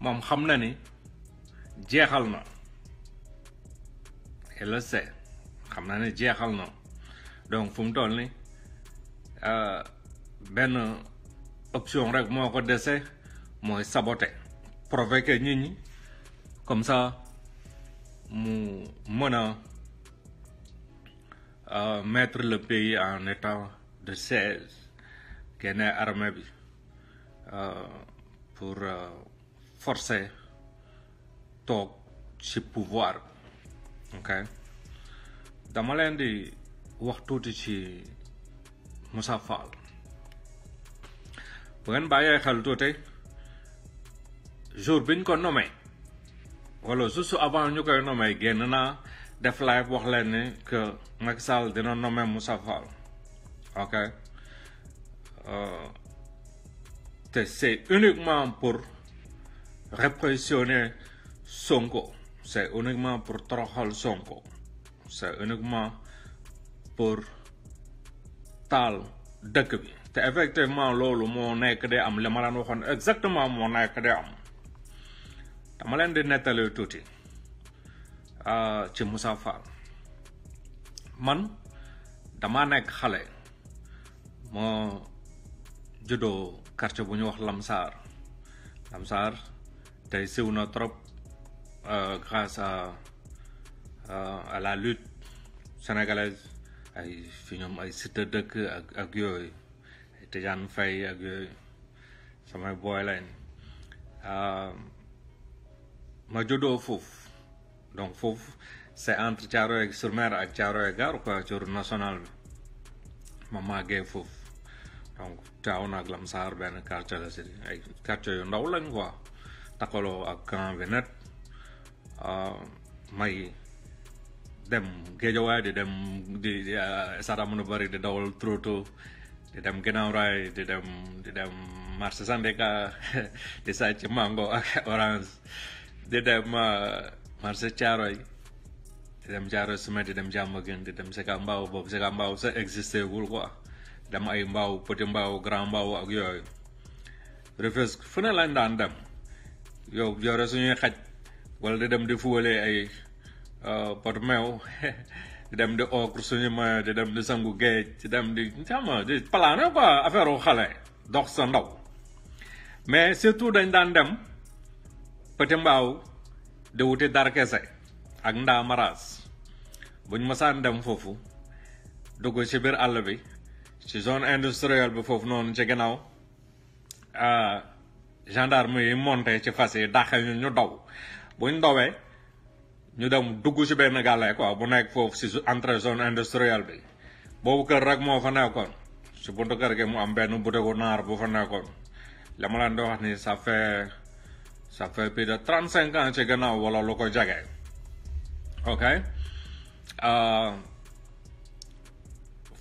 moom xam na ni jeexal na elle le sait xam na ni jeexal na donc fu mu toll ni euh, benn option rek moo ko dese mooy provoquer nit comme ça mu mën euh, mettre le pays en état de siège, qu'est armée euh, pour euh, force toog ci pouvoir ok dama leen di wax tuuti ci Moussa Fall bu ngeen bàyyee xel tuuti jour biñ ko nomee wala juste avant ñu koy nommé génn naa def live wax leen ni que Macky Sall dina nommé Moussa Fall ok euh, te c'est uniquement pour Repressione songko se unigma por Trohal songko C'est unigma por Tal Dekabi. te effectivement lolo mo nek de am le ma kon waxoon exactement mo nekk de am dama leen di nettali tuuti ah, ci Moussa man dama nekk xale moo judo quartier bu ñu Lamsar Lamsar tu es na trop grâce à, à, la lutte sénégalaise ay fi ñoom ay Siteu dëkk ak ak yooyu ay Tidiane Faye ak yooyu samay booy lañ uh, ma juddoo foofu donc foofu c'est entre Thiaroye sur Mer ak Thiaroye Gare quoi ci route nationale bi ma màggee foofu donc Thiaw na ak Lamsar benn quartier la si ay quartier yu ndaw lañ quoi takolo takkolo venet uh, mai dem gejowa di dem di sara munubari di uh, dawol troto di dem genaurai di dem di dem marsa sandeka di sa mango ak orange di dem uh, marsa charoi di dem charoi sume di dem gen di dem seka bob seka se existe gul kwa dem ay mbau poti mbau grand mbau ak yoy refes fune yow joore suñuy xaj wala di dem di fuwalee ay euh, pot meew di dem di okre suñu mayo di dem di sangu géej di dem di xama di plané quoi affaire xale dox sa ndaw mais surtout dañ daan dem Petit Mbao di wuti darkese ak ndaa maraas buñ masaan dem foofu dugg ci biir àll bi ci zone industrielle bi foofu noonu ci gannaaw ah, gendarme yi monté ci fas yi dàq ñu ñu daw ñu dawee ñu dem dugg ci benn gàllay quoi bu nekk foofu ci entre zone industrielle bi boobu kër rek moo fa nekkoon ci buntu kër gi mu am benn butéegu naar bu fa nekkoon la ma leen di wax ni ça fait ça fait plus de trente cinq ans ci gannaaw wala lu ko jege ok euh,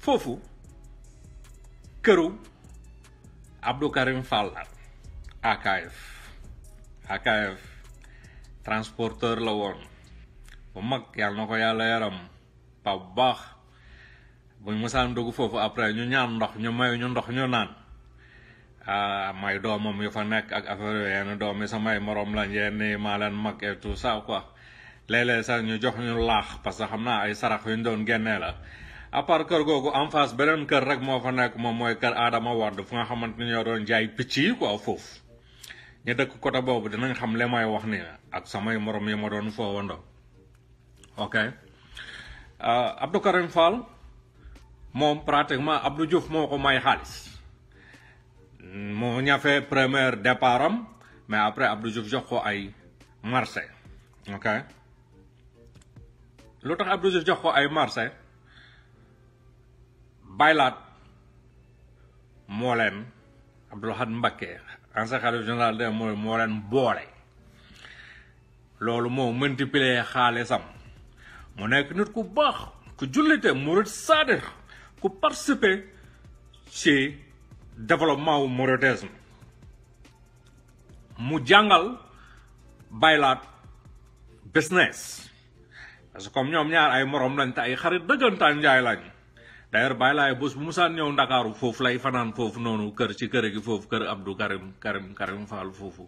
foofu këru Abdou Karim AKF transporteur la woon bu mag yàlla na ko yàlla yaram pa bu baax buñ musaan dugg foofu après ñu ñaan ndox ñu may ñu ndox ñu naan ah, may doomam yu fa nekk ak affaire yooyu yenn doom yi samay morom lañ yenn maa leen mag et tout ça quoi léeg-léeg sax ñu jox ñu laax parce que xam naa ay sarax yu ñu doon génnee la à part kër googu en face beneen kër rek moo fa nekk moom mooy kër Adama Wade fu nga xamante ni ñoo doon jaay picc yi quoi foofu ñi dëkk côté boobu dinañ xam li may wax ni ak samay morom yi ma doon ok uh, abdou karim fall moom pratiquement abdou diouf moo ko may xaalis mu ñafe premier départ am mais après abdou diouf jox ko ay marché ok lu tax abdou diouf jox ko ay marché baylaat moo leen abdoulahad xalifa général de mooy moo leen boole loolu moo multiplier xaalisam mu nekk nit ku baax ku jullite murid saadir ku participer ci développement mau mouridisme mu jàngal baylaat business parce que comme ñoom ñaar ay morom lañ te ay xarit dëggantaan njaay d'ailleurs bàyyi laay bés bu musaan ñëw ndakaaru foofu lay fanaan foofu noonu kër ci kër gi foofu kër Abdou Karim Karim Karim Fall foofu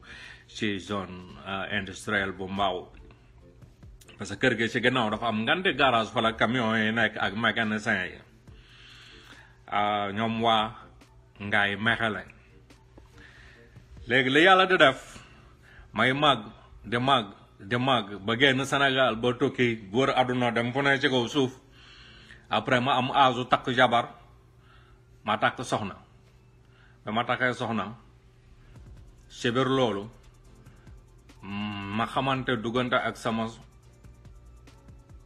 ci zone euh, industrielle bu Mbao parce que kër gi ci gannaaw dafa am ngande garage fa la yi nekk ak mécanicien yi euh, ñoom waa ngaay mexele léegi li yàlla di def may màgg di màgg di màgg ba génn Sénégal ba tukki góor àdduna dem fu ne ci kaw suuf après ma am aazu takk jabar ma takk soxna ba ma takkee soxna ci loolu ma xamante duggante ak sama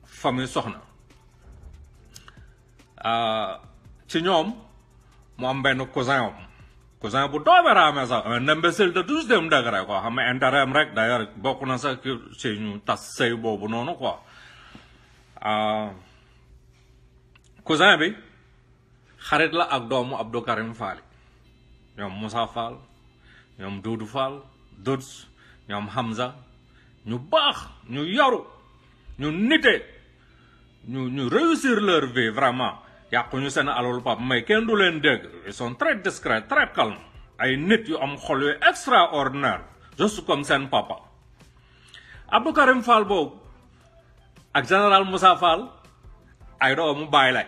famille soxna ah, ci ñoom mu am benn cousin am cousin bu dooberaame sax un imbécile de douzième degré quoi xam ne intérêt am rek d'ailleurs bokk na sax ci ñu tas boobu noonu ko cousin bi xarit la ak doomu Abdou Karim Fall ñoom Moussa Fall ñoom Doudou Fall Dods ñoom Hamza ñu baax ñu yaru ñu nite ñu ñu réussir leur vie vraiment yàquñu seen alalu pap may kenn du leen dégg ils sont très discrets très calmes ay nit yu am xol yu extraordinaire juste comme seen papa Abdou Karim Fall boobu ak général Moussa faal ay mu bàyyi lay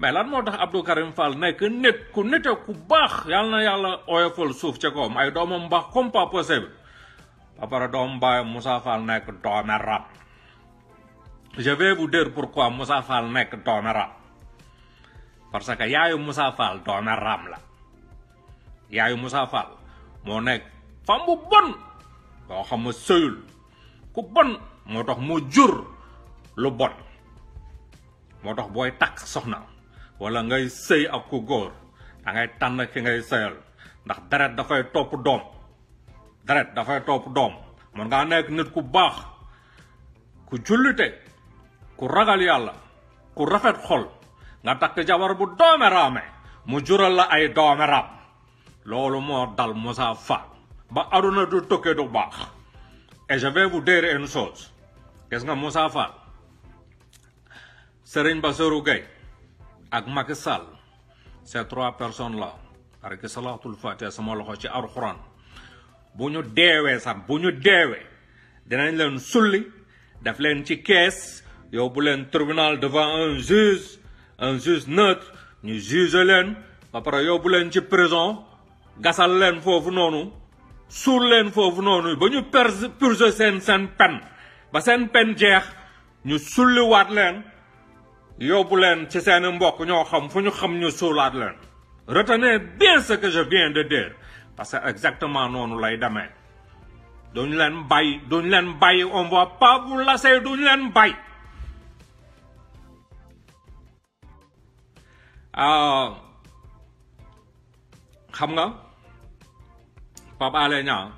mais lan moo tax Abdou Karim Fall nekk nit ku nite ku baax yàlla na yàlla oyofal suuf ca kawam ay doomam baax comme pas possible ba pare doom baay Moussa Fall nekk doome rab je vais vous dire pourquoi Moussa nekk doome rab parce que yaayu musa Fall doome ram la yaayu Moussa Fall moo nekk fam bu bon boo xam ma sëyul ku bon moo tax mu jur lu bon moo tax booy takk soxna walla ngay sëy ak ku góor da ngay tànn ki ngay sëyal ndax deret dafay topp doom deret dafay topp doom mën ngaa nekk nit ku baax ku jullite ku ragal yàlla ku rafet xol nga takk jabar bu doome raame mu jural la ay doome raam loolu moo dal Moussa Fall ba aduna du tukkee du baax et je vais vous dire une chose nga Moussa Fall Serigne Bassirou Gueye ak Macky Sall ces trois personnes là barke salatul fatiha sama loxo ci alxuraan bu ñu deewee sax bu ñu dinañ leen sulli daf leen ci caisse yow bu leen tribunal devant un juge un juge neutre ñu juge leen ba pare yow bu leen ci prison gassal leen fofu noonu sur leen foofu noonu ba ñu purge sen sen pen ba sen pen jeex ñu sulli sulliwaat leen yóbbu leen ci seeni mbokk ñoo xam fu ñu xam ñu suulaat leen retenez bien ce que je viens de dire parce que exactement noonu lay demee duñ leen bàyyi duñ leen bàyyi on va pas vous lasser duñ leen bàyyi xam ah, nga Pape Alé Niang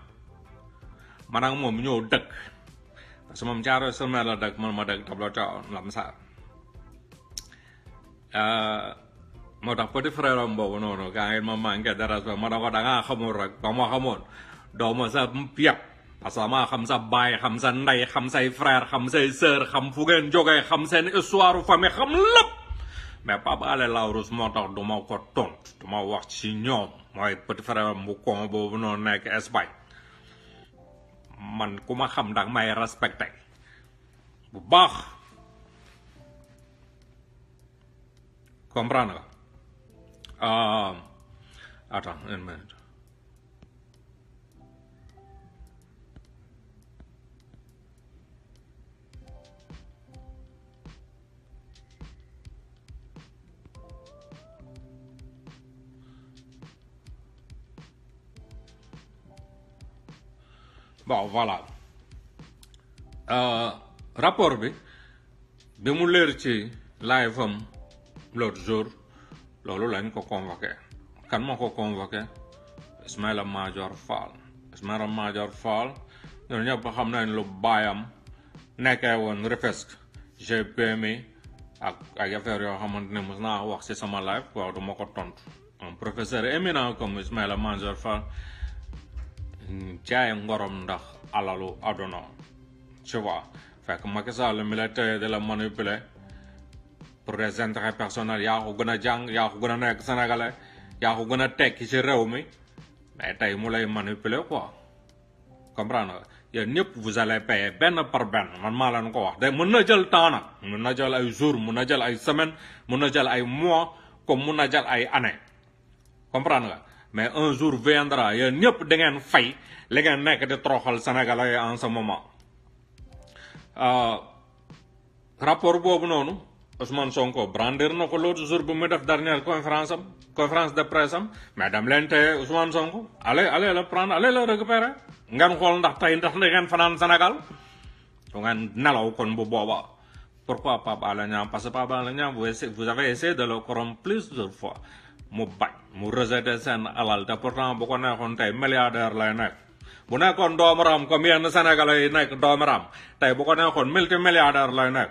man ak moom ñoo dëkk parce que moom jaaro semaine la dëkk man ma dëkk tableau ca Lamsar moo tax petit frère am boobu noonu gaa ma manqué de respect ma ne ko da ma xamoon sa yàpp parce que maa xam sa baay xam sa ndey xam say frère xam say sœur xam fu ngeen jógee xam seen histoire famille xam lépp mais moo tax du ko tontu du wax ci ñoom mooy petit frère am bu noonu nekk Espagne man ku ma xam danga may respecté bu comprano ga uh, attends une minute Bon, voilà. Euh, rapport bi, live am Lurjur, lalu loolu lañ ko convoqué kan moo ko convoqué Ismaila Madior Fall Ismaila Madior Fall ñun ñëpp xam nañ lu baayam nekkee woon Rufisque GPMI ak ak affaire yoo xamante ne mos wax si sama live waaw du ma ko tontu un professeur éminent comme Ismaila Madior Fall jaay ngorom ndax alalu adono, tu vois fekk Macky Sall mi la manipuler pour des intérêts personnels yaa ko gën a jàng yaa ko gën a nekk sénégalais yaa a tekki ci réew mi mais tey mu lay manipuler quoi comprendre nga yéen ñëpp vous allez payer benn par benn man maa leen ko wax de mën na jël temps nag mën na jël ay jours mën na jël ay semaines mën na jël ay mois comme mën na jël ay années comprendre nga mais un jour viendra yéen ñëpp da ngeen fay li ngeen nekk di troxal sénégalais en ce moment euh, rapport boobu noonu. Ousmane Sonko brandir na ko lot jour bu muy def dernière conférence am conférence de presse am mais Lente leen teye Ousmane Sonko allez allez la prendre allez la récupérer ngam xol ndax tay ndax da ngeen fanaan Sénégal ko ngeen nalaw kon bu boba pourquoi Pape la ñam parce pas Pape Alé Niang vous, vous avez essayé de le corrompre plusieurs fois mu bañ mu rejeté sen alal te pourtant bu ko neexoon tay milliardaire lay nek bu nekkon doomu raam comme yenn Sénégalais nek nekk doomu bu ko neexoon multimilliardaire lay nek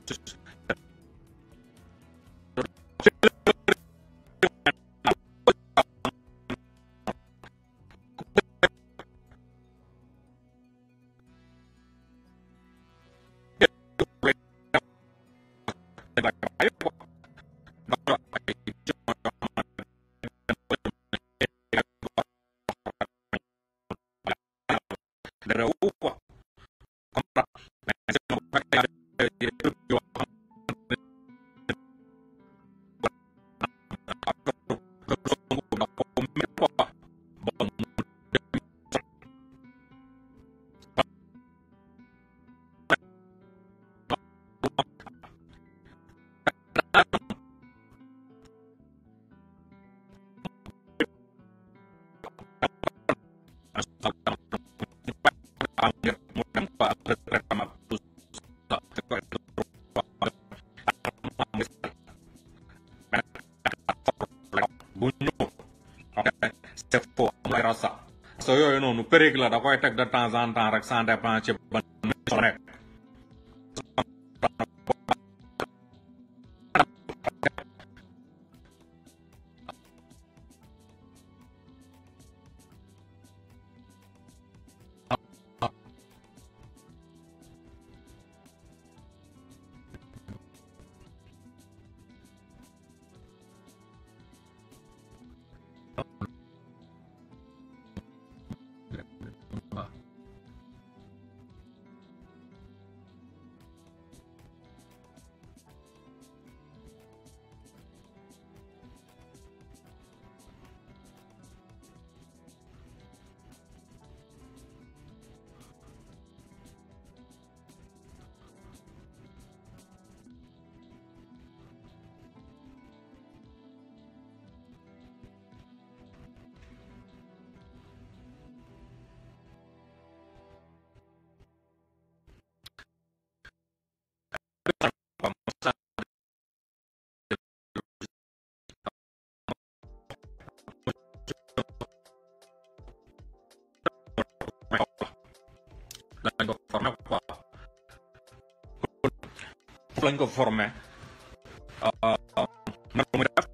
just sa yooyu noonu périg la da koy teg de temps en temps rek ça dépend dañ ko formé quoi foofu lañ ko formé nan la muy def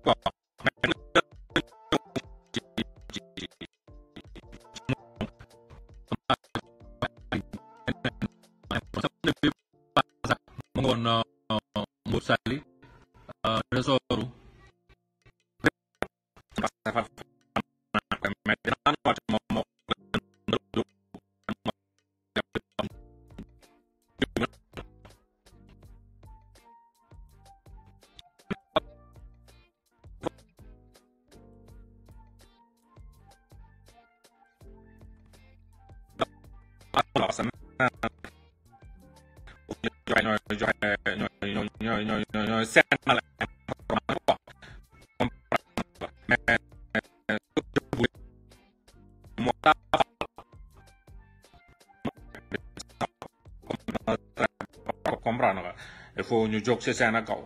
Ño, ño, ño, ño, se arma la forma comprendre nga il faut ñu jóg ci seen a kaw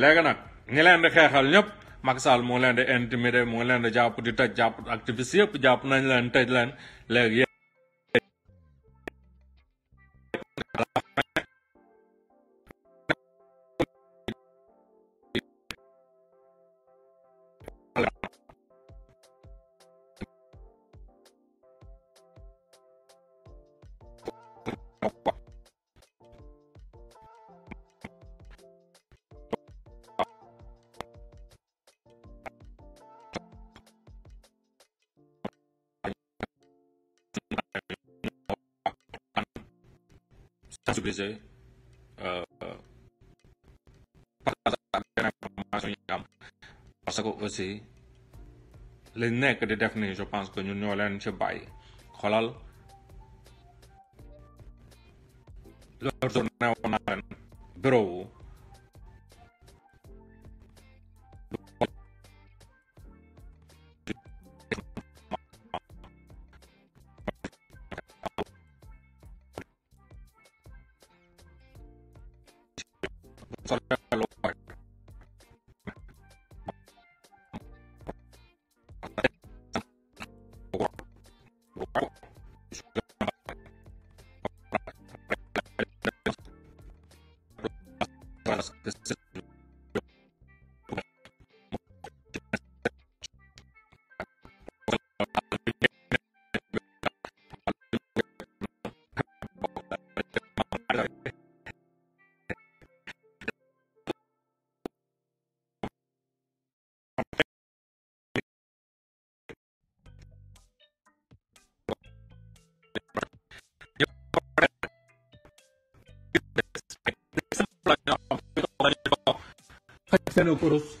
léegi nag ñi leen di xeexal ñëpp Macky Sall moo leen di intimider moo leen di jàpp di tëj jàpp activiste yëpp jàpp nañ leen tëj leen léegi sensibiliser partage information yi am parce que aussi li nekk di def je pense que ñun ñoo leen ci bàyyi xoolal loolu journée woon naa leen Canucuros.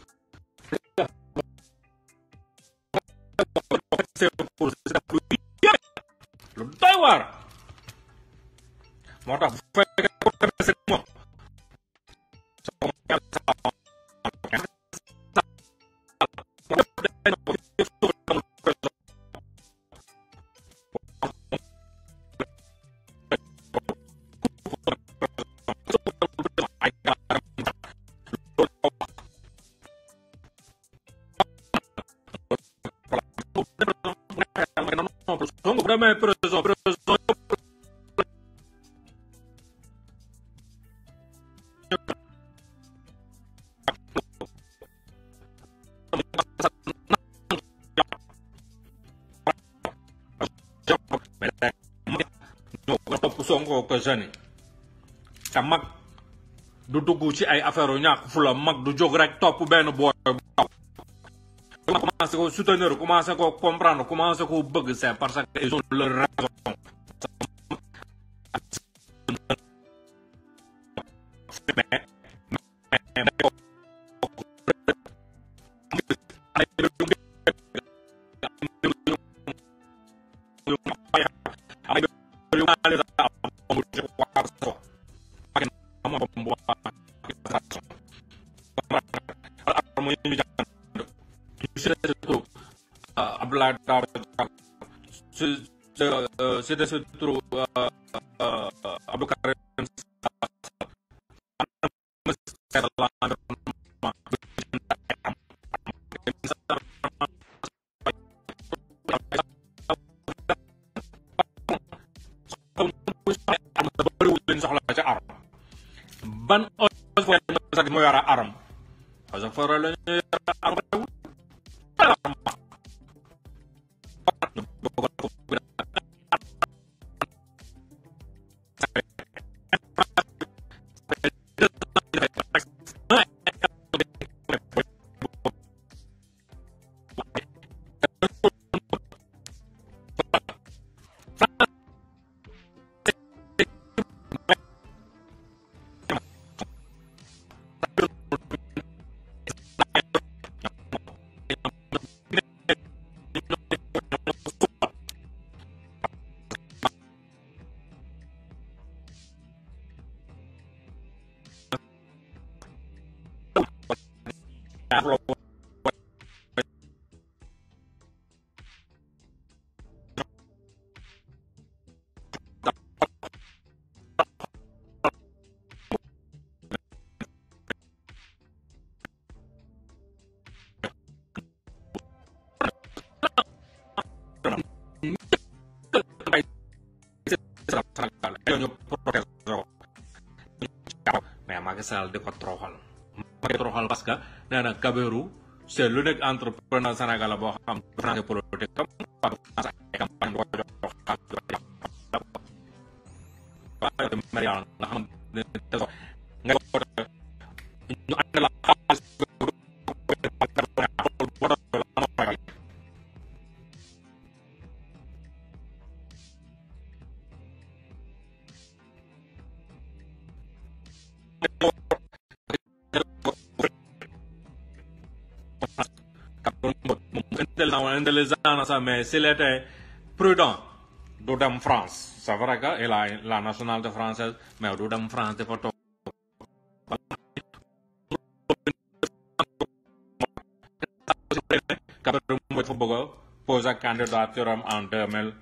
Конго време е прозо, прозо. Sonko ko jani te ci ay affaire ñàkk fu la mag du jóg rek topp benn boor commencé ko soutenir commencé ko comprendre commencé ko bëgg c'est parce que ils मामला डाव से, से, से, से ñoo protesté ko mais Macky Sall di ko toroxal Macky toroxal parce que nee na Kabirou c'est l'unique entrepreneur sénégalais boo xam ne financé ça, mais s'il était prudent du dem France c'est vrai que il a la nationalité française mais du dem France dafa toog dafa bëgg a poser candidature am en deux mille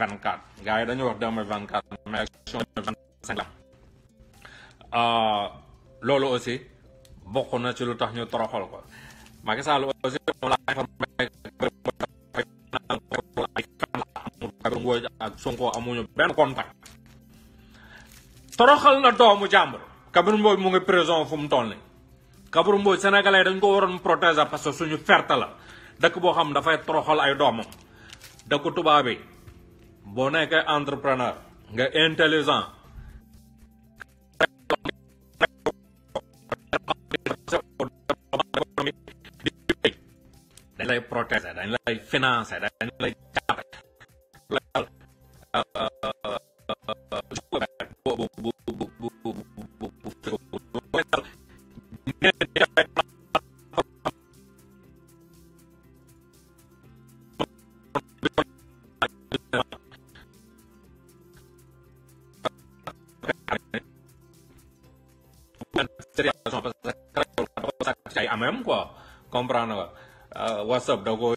vingt quatre gars yi dañuy wax deux mille vingt quatre mais élection vingt cinq la euh, loolu aussi bokk na ci lu tax ñu toroxal ko Macky Sall aussi ak sonko amuñu ben contact toroxal na doomu jàmbur kabur mbooy mo ngi prison fu mu toll ni kabir sénégalais dañ ko waroon protéger parce que suñu ferte la dëkk bo xam da fay toroxal ay doomam dëkk tuba bi bo nekk entrepreneur nga intelligent dañ lay protéger dañ lay financer dañ lay sập đầu gối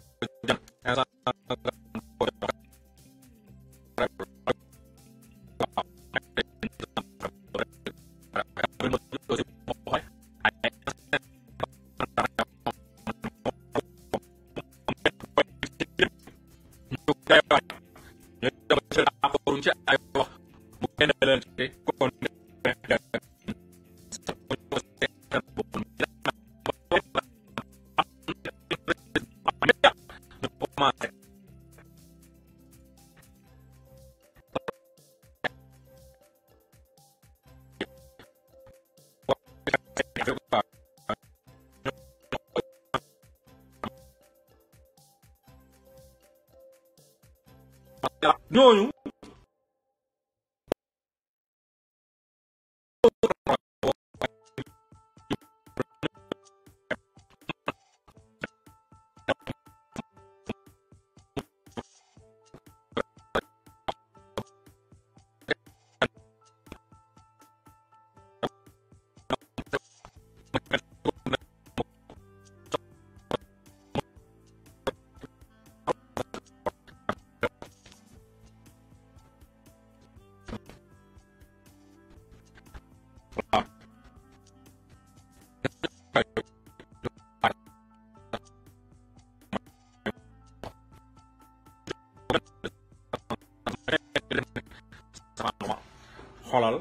xoolal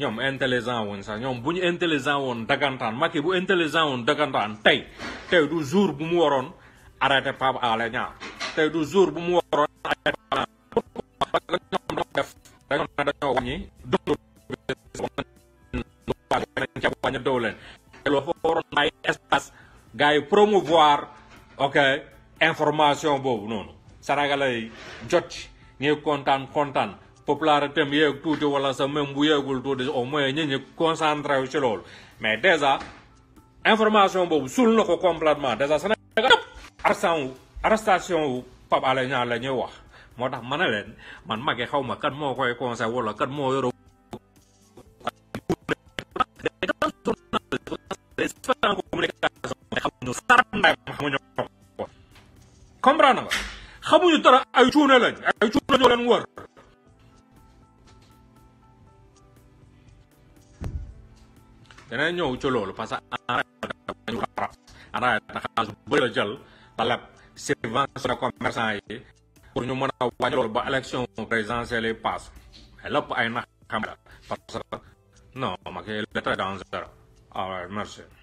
ñoom intelligent woon sax ñoom bu intelligent woon dagantaan Macky bu intelligent woon dagantaan tey tey du jour bu mu waroon arrêté Pape Alé Niang tey du jour bu mu waroon arrêté promouvoir ok information bobu nonu. saragalay jot ni kontan kontan popularité mi yek tuuti wala sa même bu yegul tuuti au moins ñi ñi concentré wu ci loolu mais déjà information boobu sul na ko complètement déjà Sénégal yëpp arrestation wu arrestation wu Pape Alé Niang la ñuy wax moo tax ma ne leen man mage xaw ma kan moo koy conseil wala kan moo yoro comprendre nga xamuñu dara ay cuune lañ ay cuune ñoo leen war dana ñëw ci loolu parce que arab xaalis bu bëri la jël talab subventionné commerçant yi pour ñu mën a wàññi loolu ba élection présidentielle yi passe mais ay naxam la parce que non ma kii la très dangereux ah merci